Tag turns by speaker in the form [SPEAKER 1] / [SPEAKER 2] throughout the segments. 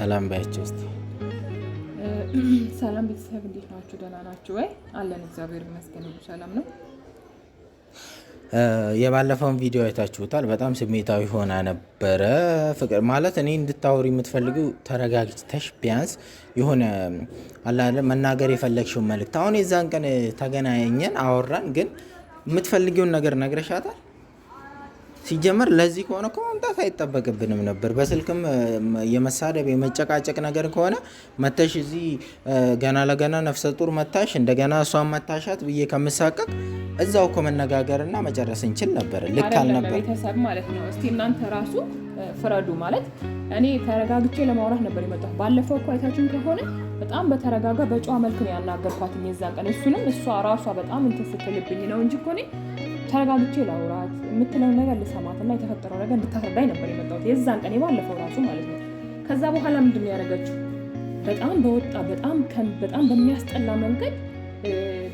[SPEAKER 1] ሰላም ባያቸው
[SPEAKER 2] ስ ሰላም ቤተሰብ እንዴት ናችሁ? ደህና ናችሁ ወይ? አለን እግዚአብሔር ይመስገን ሰላም ነው።
[SPEAKER 1] የባለፈውን ቪዲዮ አይታችሁታል። በጣም ስሜታዊ ሆና ነበረ። ፍቅር ማለት እኔ እንድታወሩ የምትፈልጊው ተረጋግተሽ ቢያንስ የሆነ አላለ መናገር የፈለግሽውን መልእክት አሁን የዛን ቀን ተገናኘን፣ አወራን፣ ግን የምትፈልጊውን ነገር ነግረሻታል ሲጀመር ለዚህ ከሆነ እኮ መምጣት አይጠበቅብንም ነበር። በስልክም የመሳደብ የመጨቃጨቅ ነገር ከሆነ መተሽ እዚህ ገና ለገና ነፍሰ ጡር መታሽ እንደገና እሷን መታሻት ብዬ ከምሳቀቅ እዛው እኮ መነጋገርና መጨረስ እንችል ነበር። ልክ
[SPEAKER 2] አልነበር ቤተሰብ ማለት ነው። እስቲ እናንተ ራሱ ፍረዱ። ማለት እኔ ተረጋግቼ ለማውራት ነበር የመጣሁ። ባለፈው እኮ አይታችን ከሆነ በጣም በተረጋጋ በጨዋ መልክ ነው ያናገርኳት የዛን ቀን። እሱንም እሷ ራሷ በጣም እንትን ስትልብኝ ነው እንጂ እኮ እኔ ተረጋግቼ ላውራት የምትለው ነገር ልሰማትና የተፈጠረው ነገር እንድታስረዳኝ ነበር የመጣሁት የዛን ቀን ባለፈው ራሱ ማለት ነው። ከዛ በኋላ ምንድን ነው ያደረገችው? በጣም በወጣ በጣም በጣም በሚያስጠላ መንገድ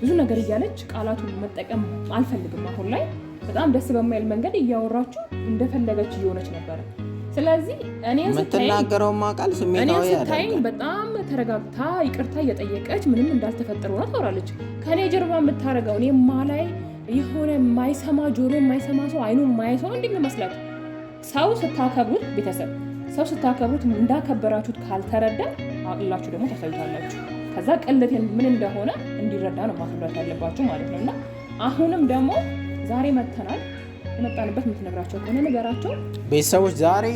[SPEAKER 2] ብዙ ነገር እያለች ቃላቱን መጠቀም አልፈልግም። አሁን ላይ በጣም ደስ በማይል መንገድ እያወራችሁ እንደፈለገች እየሆነች ነበረ። ስለዚህ እኔ
[SPEAKER 1] የምትናገረው ስታይኝ
[SPEAKER 2] በጣም ተረጋግታ ይቅርታ እየጠየቀች ምንም እንዳልተፈጠረ ሆና ታወራለች። ከኔ ጀርባ የምታደርገው እኔ ማ ላይ የሆነ የማይሰማ ጆሮ የማይሰማ ሰው አይኑ የማያይ ሰው እንዴት ነው ሰው ስታከብሩት ቤተሰብ ሰው ስታከብሩት እንዳከበራችሁት ካልተረዳ አቅላችሁ ደግሞ ታሳዩታላችሁ። ከዛ ቅለት ምን እንደሆነ እንዲረዳ ነው ማስረዳት ያለባችሁ ማለት ነው። እና አሁንም ደግሞ ዛሬ መተናል የመጣንበት የምትነግራቸው ከሆነ
[SPEAKER 1] ነገራቸው ቤተሰቦች ዛሬ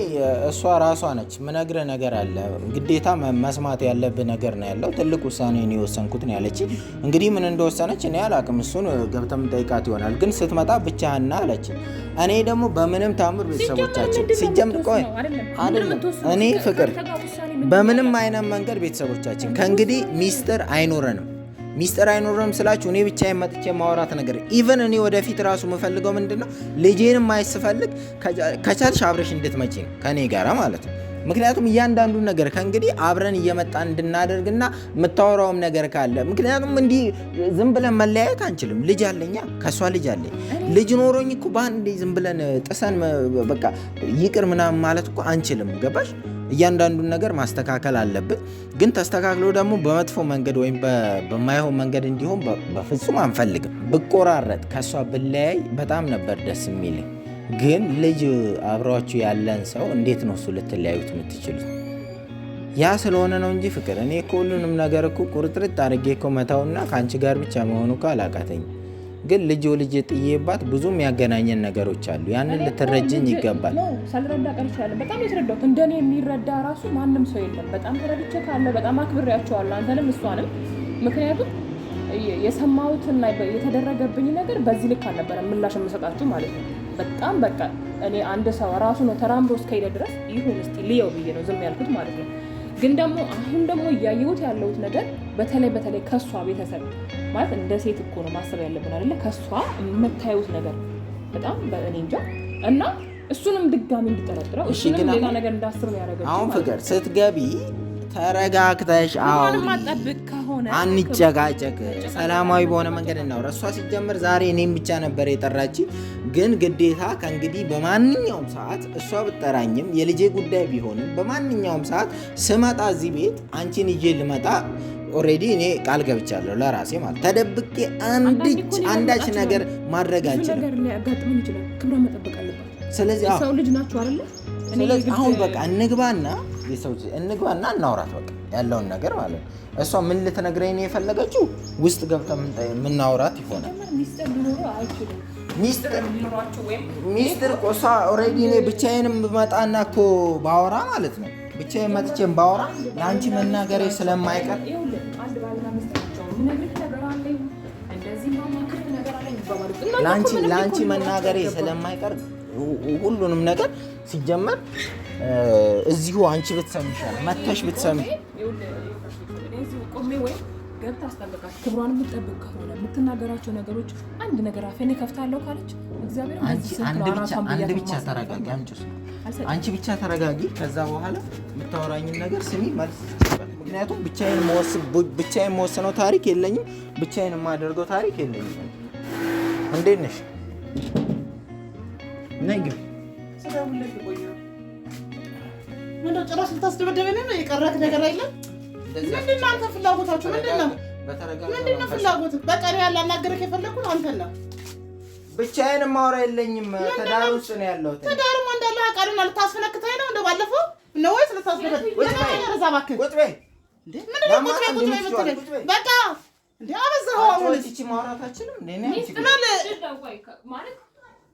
[SPEAKER 1] እሷ ራሷ ነች። ምነግረ ነገር አለ ግዴታ መስማት ያለብህ ነገር ነው ያለው። ትልቅ ውሳኔ ነው የወሰንኩት ነው ያለች። እንግዲህ ምን እንደወሰነች እኔ አላቅም። እሱን ገብተም ጠይቃት ይሆናል። ግን ስትመጣ ብቻህን አለች። እኔ ደግሞ በምንም ታምር ቤተሰቦቻችን ሲጀምር ቆይ አይደለም እኔ ፍቅር በምንም አይነት መንገድ ቤተሰቦቻችን ከእንግዲህ ሚስጥር አይኖረንም ሚስጥር አይኖርም ስላችሁ እኔ ብቻ መጥቼ ማውራት ነገር ኢቨን እኔ ወደፊት ራሱ የምፈልገው ምንድነው ልጄንም ማየት ስፈልግ ከቻልሽ አብረሽ እንድትመጪ ነው ከእኔ ጋር ማለት ነው። ምክንያቱም እያንዳንዱ ነገር ከእንግዲህ አብረን እየመጣ እንድናደርግና የምታወራውም ነገር ካለ ምክንያቱም እንዲህ ዝም ብለን መለያየት አንችልም። ልጅ አለኛ ከእሷ ልጅ አለኝ። ልጅ ኖሮኝ እኮ በአንዴ ዝም ብለን ጥሰን በቃ ይቅር ምናምን ማለት እኮ አንችልም። ገባሽ? እያንዳንዱን ነገር ማስተካከል አለብን። ግን ተስተካክሎ ደግሞ በመጥፎ መንገድ ወይም በማይሆን መንገድ እንዲሆን በፍጹም አንፈልግም። ብቆራረጥ ከእሷ ብለያይ በጣም ነበር ደስ የሚልኝ። ግን ልጅ አብሯችሁ ያለን ሰው እንዴት ነው እሱ ልትለያዩት የምትችሉት? ያ ስለሆነ ነው እንጂ ፍቅር እኔ እኮ ሁሉንም ነገር እኮ ቁርጥርጥ አድርጌ እኮ መታውና ከአንቺ ጋር ብቻ መሆኑ እኮ አላቃተኝም። ግን ልጅ ልጅ ጥዬባት ብዙ የሚያገናኘን ነገሮች አሉ። ያንን ልትረጅኝ
[SPEAKER 2] ይገባል። ሳልረዳ ቀርቻለሁ። በጣም የተረዳሁት እንደኔ የሚረዳ ራሱ ማንም ሰው የለም። በጣም ተረድቼ ካለ በጣም አክብሬያቸዋለሁ፣ አንተንም እሷንም። ምክንያቱም የሰማሁትና የተደረገብኝ ነገር በዚህ ልክ አልነበረ ምላሽ የምሰጣችሁ ማለት ነው። በጣም በቃ እኔ አንድ ሰው ራሱ ነው ተራምዶ እስከሄደ ድረስ ይሁን እስኪ ልየው ብዬ ነው ዝም ያልኩት ማለት ነው። ግን ደግሞ አሁን ደግሞ እያየሁት ያለሁት ነገር በተለይ በተለይ ከእሷ ቤተሰብ ማለት እንደ ሴት እኮ ነው ማሰብ ያለብን አይደለ? ከእሷ የምታዩት ነገር በጣም በእኔ እንጃ እና እሱንም ድጋሚ እንድጠረጥረው እሱንም ሌላ
[SPEAKER 1] ነገር እንዳስብ ያደረገ አሁን ፍቅር ስትገቢ ተረጋግተሽ አውሪ፣ አንጨቃጨቅ፣ ሰላማዊ በሆነ መንገድ እናውራ። እሷ ሲጀምር ዛሬ እኔም ብቻ ነበር የጠራች፣ ግን ግዴታ ከእንግዲህ በማንኛውም ሰዓት እሷ ብጠራኝም የልጄ ጉዳይ ቢሆንም በማንኛውም ሰዓት ስመጣ እዚህ ቤት አንቺን ይዤ ልመጣ ኦሬዲ እኔ ቃል ገብቻለሁ ለራሴ ማለት ተደብቄ አንዳች ነገር ማድረግ አልችልም። ስለዚህ አሁን በቃ እንግባና የሰዎች እንግባና እናውራት በቃ ያለውን ነገር ማለት ነው። እሷ ምን ልትነግረኝ ነው የፈለገችው? ውስጥ ገብተ የምናውራት ይሆናል። ሚስጥር እሷ ኦሬዲ እኔ ብቻዬንም ብመጣና እኮ ባወራ ማለት ነው ብቻ መጥቼም ባወራ ለአንቺ መናገሬ ስለማይቀር ለአንቺ መናገሬ ስለማይቀር ሁሉንም ነገር ሲጀመር እዚሁ አንቺ ብትሰሚ ይሻላል።
[SPEAKER 2] መተሽ ብትሰሚ ገብታ አስጠብቃት። ክብሯን የምትጠብቅ ከሆነ የምትናገራቸው ነገሮች አንድ ነገር አፌን ከፍታለሁ
[SPEAKER 1] ካለች እግዚአብሔር ብቻ ተረጋጊ፣ አንቺ ብቻ ተረጋጊ። ከዛ በኋላ የምታወራኝን ነገር ስሚ መልስ ምክንያቱም ብቻዬን ብቻዬን መወስነው ታሪክ የለኝም፣ ብቻዬን የማደርገው ታሪክ የለኝም። እንዴት ነሽ?
[SPEAKER 2] ነገር ስለ ሁለት ቆየ ጭራሽ ልታስደበደበ የቀረክ ነገር አይለም ምንድን ነው አንተ ፍላጎታችሁ ምንድን ነው? ምንድን ነው ፍላጎት? በቀሪ ላናገርህ የፈለኩት አንተን ነው።
[SPEAKER 1] ብቻዬን ማውራ የለኝም። ትዳር
[SPEAKER 2] ውስጥ ነው ያለሁት። ትዳርማ እንዳለ አውቃለሁ። ልታስፈነክተኝ ነው እንደ ባለፈው ነው ወይስ
[SPEAKER 1] ልታስፈነክ? በቃ እንደ አበዛኸው አሁን። ማውራት
[SPEAKER 2] አልችልም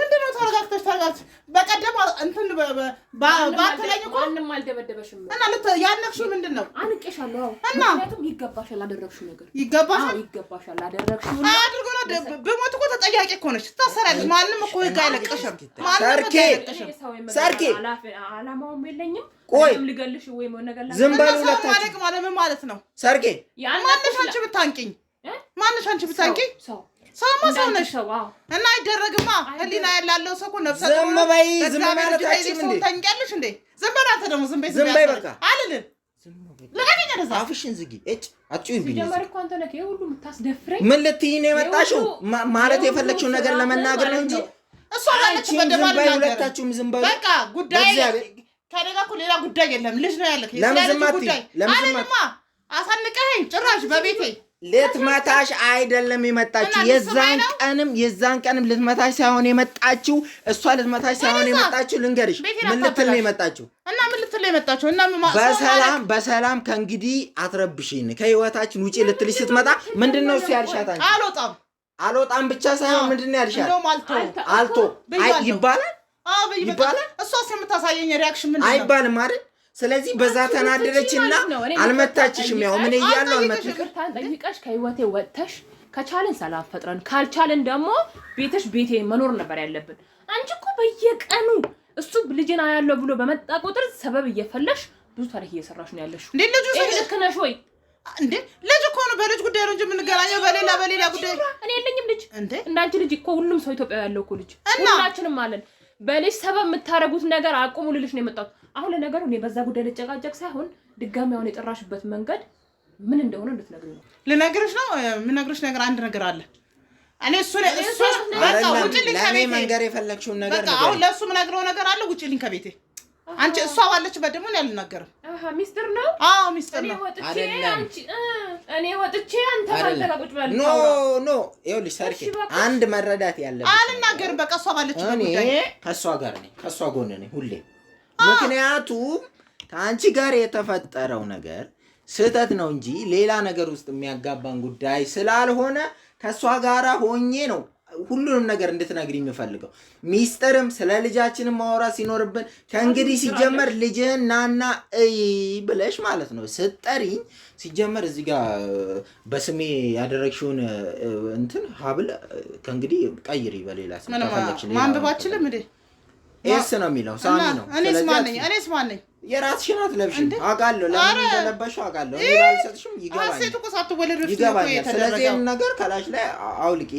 [SPEAKER 2] ምንድነው? ተረጋግተሽ ተረጋግተሽ። በቀደም እንትን ባትለኝ እኮ ማንም አልደበደበሽም እና ያነቅሽው ምንድን ነው? አንቄሻለሁ እና ምክንያቱም ይገባሻል፣ አደረግሽው ነገር ይገባሻል፣ ይገባሻል፣ አደረግሽው አድርጎ ብሞት እኮ ተጠያቂ እኮ ነሽ፣ ትታሰሪያለሽ። ማንም እኮ
[SPEAKER 1] ህግ አይለቅሽም። ሰርኬ አላማውም የለኝም። ቆይ
[SPEAKER 2] ልገልሽ ወይ ነገር ዝም በሉ ሁለታችሁ ማለት ማለት ነው። ሰርኬ ማነሽ አንቺ ብታንቂኝ? ማነሽ አንቺ ብታንቂኝ? ሰው ሰውማ ሰው ነሽ እና አይደረግማ። ህሊና ያላለው ሰው እኮ ነፍሰ
[SPEAKER 1] ዝም በይ ዝም
[SPEAKER 2] ታንቂያለሽ እንዴ? ዝም በይ አንተ ደግሞ ዝም በይ ዝም
[SPEAKER 1] በይ በቃ አልልም። አፍሽን ዝጊ። እጭ አጭኝ ምን ልትይ ነው የመጣሽው? ማለት የፈለግሽው ነገር ለመናገር ነው እንጂ ሁለታችሁም ዝም
[SPEAKER 2] በይ በቃ። ጉዳይ ከደጋ ሌላ ጉዳይ የለም። ልጅ ነው ያለክ ለምን አሳንቀኸኝ ጭራሽ
[SPEAKER 1] በቤቴ ልትመታሽ አይደለም የመጣችው። የዛን ቀንም የዛን ቀንም ልትመታሽ ሳይሆን የመጣችው እሷ ልትመታሽ ሳይሆን የመጣችው ልንገርሽ፣ ምን
[SPEAKER 2] ልትል ነው የመጣችው? እና ምን ልትል ነው የመጣችው?
[SPEAKER 1] እና በሰላም በሰላም ከእንግዲህ አትረብሽኝ፣ ከህይወታችን ውጪ ልትልሽ ስትመጣ ምንድን ነው እሱ ያልሻት? አንቺ አልወጣም አልወጣም ብቻ ሳይሆን ምንድን ነው ያልሻት? አልቶ ይባላል
[SPEAKER 2] ይባላል። እሷስ የምታሳየኝ ሪያክሽን ምንድን ነው?
[SPEAKER 1] አይባልም አይደል ስለዚህ በዛ ተናደደችና አልመታችሽም። ያው
[SPEAKER 2] ምን እያሉ አልመታችሽም። ጠይቀሽ ከህይወቴ ወጥተሽ ከቻልን ሰላም ፈጥረን ካልቻልን ደግሞ ቤተሽ ቤቴ መኖር ነበር ያለብን። አንቺ እኮ በየቀኑ እሱ ልጅን አያለው ብሎ በመጣ ቁጥር ሰበብ እየፈለሽ ብዙ ታሪክ እየሰራሽ ነው ያለሽ። እንዴ ልጁ ልክ ነሽ ወይ እንዴ? ልጅ እኮ ነው በልጅ ጉዳይ ነው እንጂ የምንገናኘው በሌላ በሌላ ጉዳይ እኔ የለኝም ልጅ። እንዴ እንዳንቺ ልጅ እኮ ሁሉም ሰው ኢትዮጵያ ያለው እኮ ልጅ ሁላችንም አለን። በልጅ ሰበብ የምታደርጉት ነገር አቁሙ ልልሽ ነው የመጣሁት። አሁን ለነገሩ እኔ በዛ ጉዳይ ልጨቃጨቅ ሳይሆን ድጋሚ አሁን የጠራሽበት መንገድ ምን እንደሆነ እንድትነግሪ ነው። ልነግርሽ ነው የምነግርሽ ነገር አንድ ነገር አለ። እኔ እሱ እሱ በቃ ውጭልኝ ከቤቴ መንገር የፈለግሽውን ነገር በቃ አሁን ለእሱ የምነግረው ነገር አለ። ውጭልኝ ከቤቴ አንቺ እሷ ባለችበት ደግሞ እኔ አልናገርም። አሃ ሚስጥር ነው። አዎ ሚስጥር ነው። እኔ ወጥቼ አንተ
[SPEAKER 1] ባልተላቁጭ ባል ኖ ኖ ይኸውልሽ፣ ሰርኪ አንድ
[SPEAKER 2] መረዳት ያለብሽ አልናገርም። በቃ እሷ
[SPEAKER 1] ባለችበት ጉዳይ ከእሷ ጋር ነኝ፣ ከእሷ ጎን ነኝ ሁሌ። ምክንያቱም ከአንቺ ጋር የተፈጠረው ነገር ስህተት ነው እንጂ ሌላ ነገር ውስጥ የሚያጋባን ጉዳይ ስላልሆነ ከእሷ ጋራ ሆኜ ነው ሁሉንም ነገር እንድትነግሪኝ የምፈልገው ሚስጥርም ስለ ልጃችንም ማውራት ሲኖርብን ከእንግዲህ ሲጀመር ልጅህን ናና እይ ብለሽ ማለት ነው ስጠሪኝ። ሲጀመር እዚህ ጋር በስሜ ያደረግሽውን እንትን ሀብል ከእንግዲህ ቀይሪ። በሌላ
[SPEAKER 2] ስም ማንበብ አችልም። ኤስ ነው የሚለው ሳሚ ነው። እኔስ ማነኝ? እኔስ ማነኝ?
[SPEAKER 1] የራስሽን አትለብሽ አውቃለሁ። ለምን እንደለበሽው
[SPEAKER 2] አውቃለሁ። እኔ ባልሰጥሽም
[SPEAKER 1] ይገባኛል። ስለዚህ ነገር ከላሽ ላይ አውልቂ።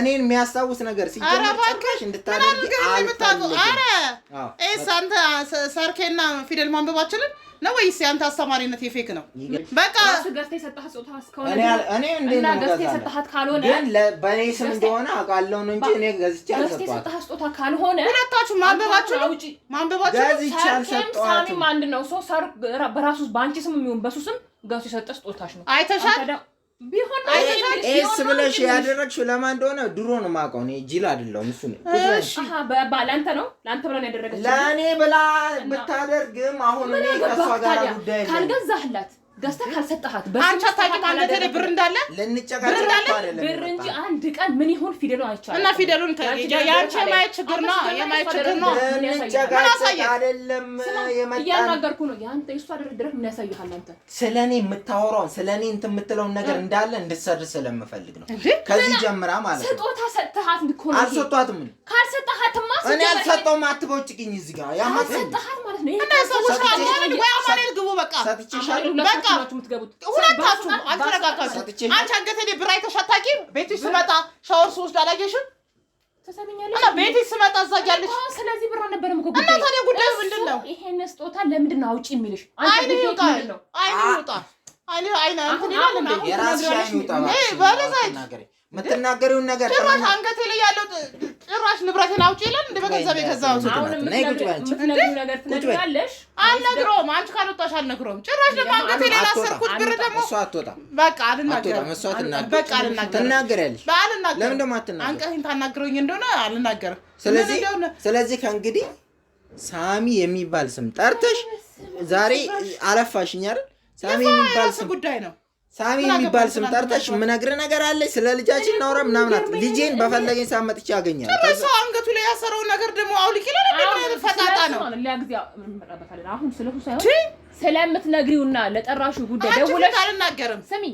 [SPEAKER 1] እኔን የሚያስታውስ ነገር ሲጀመርሽ
[SPEAKER 2] እንድታደርጊ አልፈልግም። ኧረ አንተ ሰርኬና ፊደል ማንበባችንን ነው ወይስ ያንተ አስተማሪነት የፌክ ነው? በቃ እሱ ገዝተህ የሰጠሃት
[SPEAKER 1] ጾታ እስከሆነ እኔ እንዴ ነው ገዝተህ የሰጠሃት ካልሆነ ግን በኔ ስም እንደሆነ አውቃለሁ ነው
[SPEAKER 2] እንጂ እኔ ገዝቼ አልሰጠኋትም። ገዝተህ የሰጠሃት ጾታ ካልሆነ ሁለታችሁ ማንበባችሁ ነው ማንበባችሁ ገዝቼ አልሰጠኋትም። ሳሚም አንድ ነው ሰው ሳር በራሱ በአንቺ ስም የሚሆን በሱ ስም ገዝተህ የሰጠህ ጾታሽ ነው
[SPEAKER 1] አይተሻል። ኤስ ብለሽ ያደረግሽው ለማን እንደሆነ ድሮ ነው የማውቀው። እኔ ጅል አይደለሁም። እሱ
[SPEAKER 2] ለአንተ ነው ለአንተ
[SPEAKER 1] ብላ ያደረገችው ለእኔ ብላ ብታደርግም አሁን እኔ ከእሷ ጋር
[SPEAKER 2] ጉዳይ ካልገዛህላት ገዝተህ ካልሰጠሃት አንቺ አታውቂም። አንተ ላይ ብር
[SPEAKER 1] እንዳለ ብር
[SPEAKER 2] እንዳለ ብር እንጂ አንድ ቀን ምን ይሁን ፊደሉ አይቻልም። እና ፊደሉን የአንቺ የማየት ችግር ነው
[SPEAKER 1] የማየት ችግር ነው። ምን አሳየህ? እያናገርኩህ
[SPEAKER 2] ነው። የአንተ የእሷ ድርድር ድረስ ምን ያሳይሃል?
[SPEAKER 1] አንተ ስለ እኔ የምታወራውን ስለ እኔ እንትን የምትለውን ነገር እንዳለ እንድትሰርዝ ስለምፈልግ ነው። ከዚህ ጀምራ ማለት ነው።
[SPEAKER 2] ስጦታ ሰጥተሃት እኮ
[SPEAKER 1] ነው። አልሰጧትም።
[SPEAKER 2] ካልሰጠሃትማ
[SPEAKER 1] እኔ አልሰጠሁም። አትቦጭቅኝ እዚህ ጋር
[SPEAKER 2] ያማሰጠሃት ማለት ነው። እና ሰዎች ወይ አማኑኤል ግቡ በቃ ሰጥቼሻለሁ በቃ ናችሁ የምትገቡት። ሁለታችሁ አልተረጋጋችሁም። አንቺ ብር አይተሽ አታውቂም። ቤትሽ ስመጣ ሻወር ስወስድ አላየሽም። ትሰሚኛለሽ? ቤትሽ ስመጣ እዛ እያለሽ ስለዚህ ብር አልነበረም እኮ እና ታዲያ ጉዳዩ ምንድን ነው? ይሄን ስጦታ ለምንድን ነው አውጪ የሚልሽ? ይውጣ፣ ይውጣ፣ ይውጣ። የምትናገሪውን ነገር ጭራሽ አንገቴ ላይ ያለው ጭራሽ ንብረትን አውጪ ይላል። እንደ
[SPEAKER 1] በገንዘብ የገዛው ሰው
[SPEAKER 2] አልነግረውም። አንቺ ካልወጣሽ አልነግረውም። ጭራሽ ደግሞ አንገቴ ላይ ላሰርኩት
[SPEAKER 1] ብር ደግሞ እሷ አትወጣም።
[SPEAKER 2] በቃ አልናገርም።
[SPEAKER 1] እሷ ትናገሪያለሽ።
[SPEAKER 2] ለምን ደግሞ አትናገሪም? አንቀቴን ታናግረኝ እንደሆነ አልናገርም።
[SPEAKER 1] ስለዚህ ስለዚህ ከእንግዲህ ሳሚ የሚባል ስም ጠርተሽ ዛሬ አለፋሽኝ አይደል? ሳሚ የሚባል ስም ጉዳይ ነው ሳሚ የሚባል ስም ጠርተሽ ምነግር ነገር አለች። ስለ ልጃችን እናውራ ምናምናት ልጄን በፈለገኝ ሰዓት መጥቼ
[SPEAKER 2] አገኛለሁ። ሰው አንገቱ ላይ ያሰረው ነገር ደግሞ አውልቄ ፈጣጣ ነው። አሁን ስለሱ ስለምትነግሪውና ለጠራሽው ጉዳይ ደውለሽ አልናገርም። ስሚ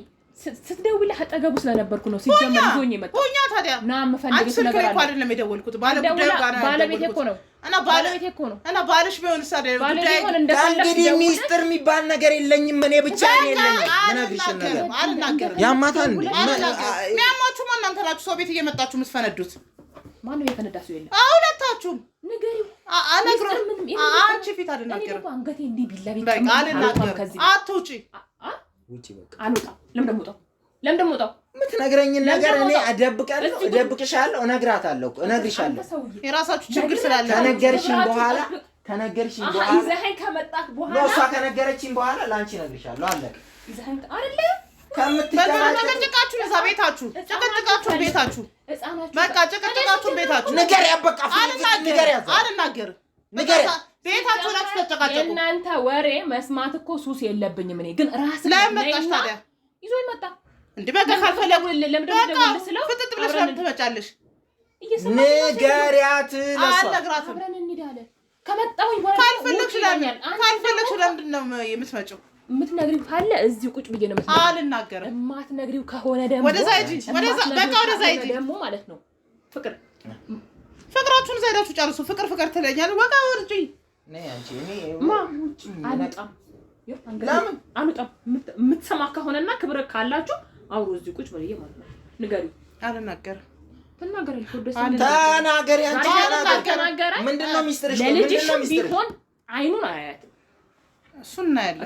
[SPEAKER 2] ስትደውል አጠገቡ ስለነበርኩ ነው። ሲጀመር ይዞኝ የመጣው ና የምፈልግሽ ነገር አለ። አይደለም የደወልኩት ባለቤቴ እኮ ነው እና ባልሽ ቢሆን
[SPEAKER 1] እንግዲህ ሚስጥር የሚባል ነገር የለኝም። እኔ ብቻ አልናገርም። ያማታል
[SPEAKER 2] እናንተ ናችሁ። ሰው ቤት እየመጣችሁ የምትፈነዱት ማነው? እየፈነዳችሁ የለም። ሁለታችሁም አንቺ ፊት አልናገርም። አትውጪ። ለምን ደግሞ ወጣሁ?
[SPEAKER 1] ለምን ደግሞ ወጣሁ? የምትነግረኝን ነገር እኔ እደብቃለሁ፣ እደብቅሻለሁ፣ እነግራታለሁ፣ እነግርሻለሁ።
[SPEAKER 2] የራሳችሁ ችግር
[SPEAKER 1] ስላለ ከነገርሽኝ በኋላ ከነገርሽኝ በኋላ
[SPEAKER 2] ይዘኸኝ ከመጣህ በኋላ
[SPEAKER 1] እሷ ከነገረችኝ በኋላ ለአንቺ እነግርሻለሁ።
[SPEAKER 2] አለቀ። ይዘኸኝ አይደለ ከምትጨቃጨቃችሁ ቤታችሁ ቤታችሁ ቤታችሁ ነገር ነገር ነገር ቤታችሁ ወሬ መስማት እኮ ሱስ የለብኝም እኔ ግን ራስ ላይ መጣሽ ታዲያ ይዞ ይመጣ እንዴ በቃ ካልፈለጉ ለምን ደግሞ ፍጥጥ ብለሽ ለምን ትመጫለሽ?
[SPEAKER 1] ንገሪያት።
[SPEAKER 2] አልነግራትም። ካልፈለግሽ ለምን ካልፈለግሽ ለምንድን ነው የምትመጪው? የምትነግሪው ካለ እዚሁ ቁጭ ብዬ ነው የምትነግሪው። አልናገርም። የማትነግሪው ከሆነ ደግሞ ወደዛ ሂጂ፣ በቃ ወደዛ ሂጂ ደግሞ ማለት ነው። ፍቅር ፍቅራችሁን ዘይዳችሁ ጨርሱ። ፍቅር ፍቅር ትለኛለህ። ወቃ ወርጪ ነይ ለምን አልወጣም? የምትሰማ ከሆነና ክብር ካላችሁ አውሮ እዚህ ቁጭ በልዬ ማለት ነው። ንገሪው። አልናገርም።
[SPEAKER 1] ተናገሪ። ተናገሪ። ምንድን ነው ሚስጥርሽ?
[SPEAKER 2] ለልጅሽም ቢሆን አይኑን አያያትም። እሱ እናያለን፣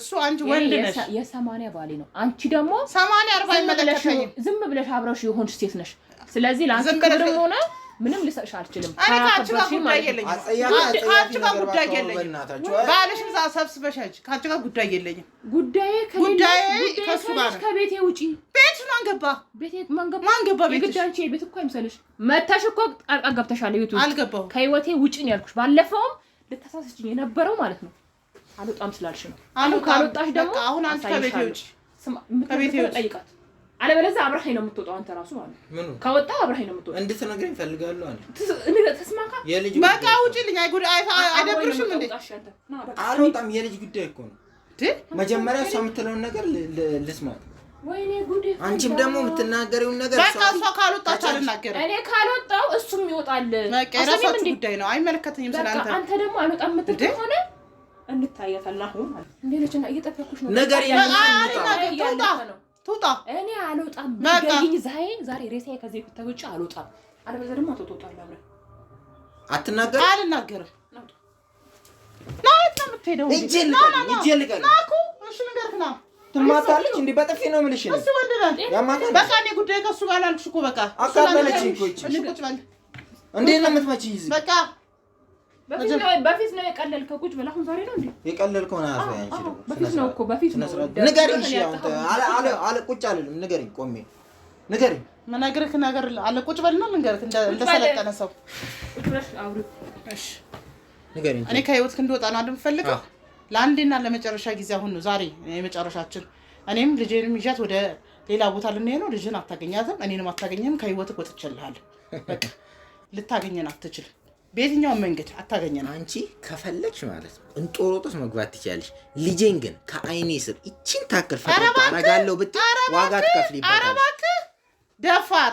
[SPEAKER 2] እሱ አንቺ ወንድ ነሽ፣ የሰማንያ ባሌ ነው። አንቺ ደግሞ ሰማንያ አርባ አይመለከተኝም። ዝም ብለሽ አብረሽ የሆንሽ ሴት ነሽ። ስለዚህ ለአንቺ ክብርም ሆነ ምንም ልሰጥሽ አልችልም። እኔ ከአንቺ ጋር ጉዳይ የለኝም። ከአንቺ ጋር ጉዳይ የለኝም። ባለሽም እዛ ሰብስበሽ አንቺ ከአንቺ ጋር ጉዳይ የለኝም። ጉዳዬ ከእሱ ጋር ከቤቴ ውጪ ቤትሽ ማን ገባ? ማን ገባ? ቤትሽ አንቺ የቤት እኮ አይምሰልሽ። መተሽ እኮ ጣልቃ ገብተሻል። ቤቱ አልገባሁም። ከህይወቴ ውጪ ነው ያልኩሽ። ባለፈውም ልታሳስችኝ የነበረው ማለት ነው። አልወጣም ስላልሽ ነው። ካልወጣሽ ደግሞ አሁን አንቺ ከቤቴ ውጪ ከቤቴ ውጪ ጠይቃት አለበለዚያ አብረሃኝ ነው የምትወጣው። አንተ ራሱ ማለት ነው
[SPEAKER 1] ከወጣ አብረሃኝ ነው የምትወጣው። እንድትነግረኝ እፈልጋለሁ
[SPEAKER 2] አለ። ተስማካ በቃ ውጪልኝ።
[SPEAKER 1] አይደብርሽም እንዴ? አልወጣም። የልጅ ጉዳይ እኮ ነው። መጀመሪያ እሷ የምትለውን ነገር ልስማት። አንቺም ደግሞ የምትናገሪውን ነገር
[SPEAKER 2] በቃ እሷ ካልወጣች አልናገርም። እኔ ካልወጣው እሱም ይወጣል። የራሳችሁ ጉዳይ ነው፣ አይመለከተኝም። ስለአንተ አንተ ደግሞ አልወጣም የምትል ከሆነ እንታያታለን። አሁን ማለት እንዴ ልጅና
[SPEAKER 1] እየጠበኩሽ ነው ነገር ያለ
[SPEAKER 2] ነው ትውጣ። እኔ አልወጣም። ገኝ ዛሬ ዛሬ ሬሳዬ ከዚህ ፊት ተውጭ አልወጣም። አለበለዚያ ደግሞ አቶ ትወጣ አብረን አትናገር። አልናገርም። ናት
[SPEAKER 1] ነው እጄ ልቀቅ፣
[SPEAKER 2] እጄ ልቀቅ። ናኩ እሺ፣ ንገርት ና
[SPEAKER 1] ትማታለች። እንዲህ
[SPEAKER 2] በጥፊ ነው የምልሽ። እሱ ወንድናል። በቃ እኔ ጉዳይ ከእሱ ጋር ላልኩሽ እኮ በቃ አካበለች። ቁጭ
[SPEAKER 1] ነው የምትመጪ?
[SPEAKER 2] በቃ በፊት ነው የቀለልከው። ቁጭ ብለህ አሁን ዛሬ ነው እንዴ የቀለልከው? ና በፊት ነው
[SPEAKER 1] እኮ በፊት ነው። ንገሪኝ፣ ቁጭ አልልም። ንገሪኝ፣ ቆሜ ንገሪኝ።
[SPEAKER 2] መናገርህ ነገር አለ። ቁጭ በል ነው ልንገርህ፣ እንደሰለጠነ ሰው እኔ እንድወጣ ነው ለአንዴና ለመጨረሻ ጊዜ አሁን ነው ዛሬ የመጨረሻችን። እኔም ልጄንም ይዣት ወደ ሌላ ቦታ ልንሄድ ነው። ልጅህን አታገኛትም፣ እኔንም አታገኝም። ከህይወትህ ወጥቼልሃለሁ። ልታገኘን አትችልም። በየትኛውን
[SPEAKER 1] መንገድ አታገኘን። አንቺ ከፈለግሽ ማለት ነው እንጦሮጦስ መግባት ትችያለሽ። ልጄን ግን ከአይኔ ስር ይችን
[SPEAKER 2] ታክል ፈ አረጋለሁ ብትይ ዋጋ ትከፍል ይባላል።
[SPEAKER 1] ደፋር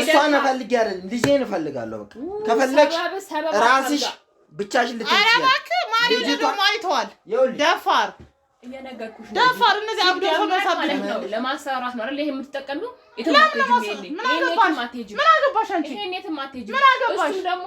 [SPEAKER 1] እሷን እፈልጌ አይደለም ልጄን እፈልጋለሁ። በቃ ከፈለግሽ ራስሽ
[SPEAKER 2] ብቻሽን ልትሄጂ ማሪ ደግሞ አይተዋል። ደፋር ደፋር እነዚህ አብዶ ለማሰራት ነው ይሄ የምትጠቀሚው። ምን አገባሽ አንቺ? ምን አገባሽ? እሱ ደግሞ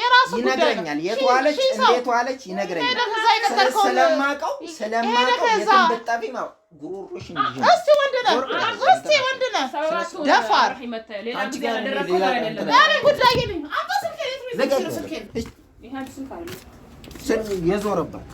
[SPEAKER 1] የራሱ ይነግረኛል። የት ዋለች እንዴት ዋለች ይነግረኛል። ስለማቀው ስለማቀው የትንብጣቢ
[SPEAKER 2] ነው። ጉሮሮሽን እስቲ ወንድ ነህ እስቲ ወንድ ነህ ደፋር አንቺ ጋር
[SPEAKER 1] የዞረባት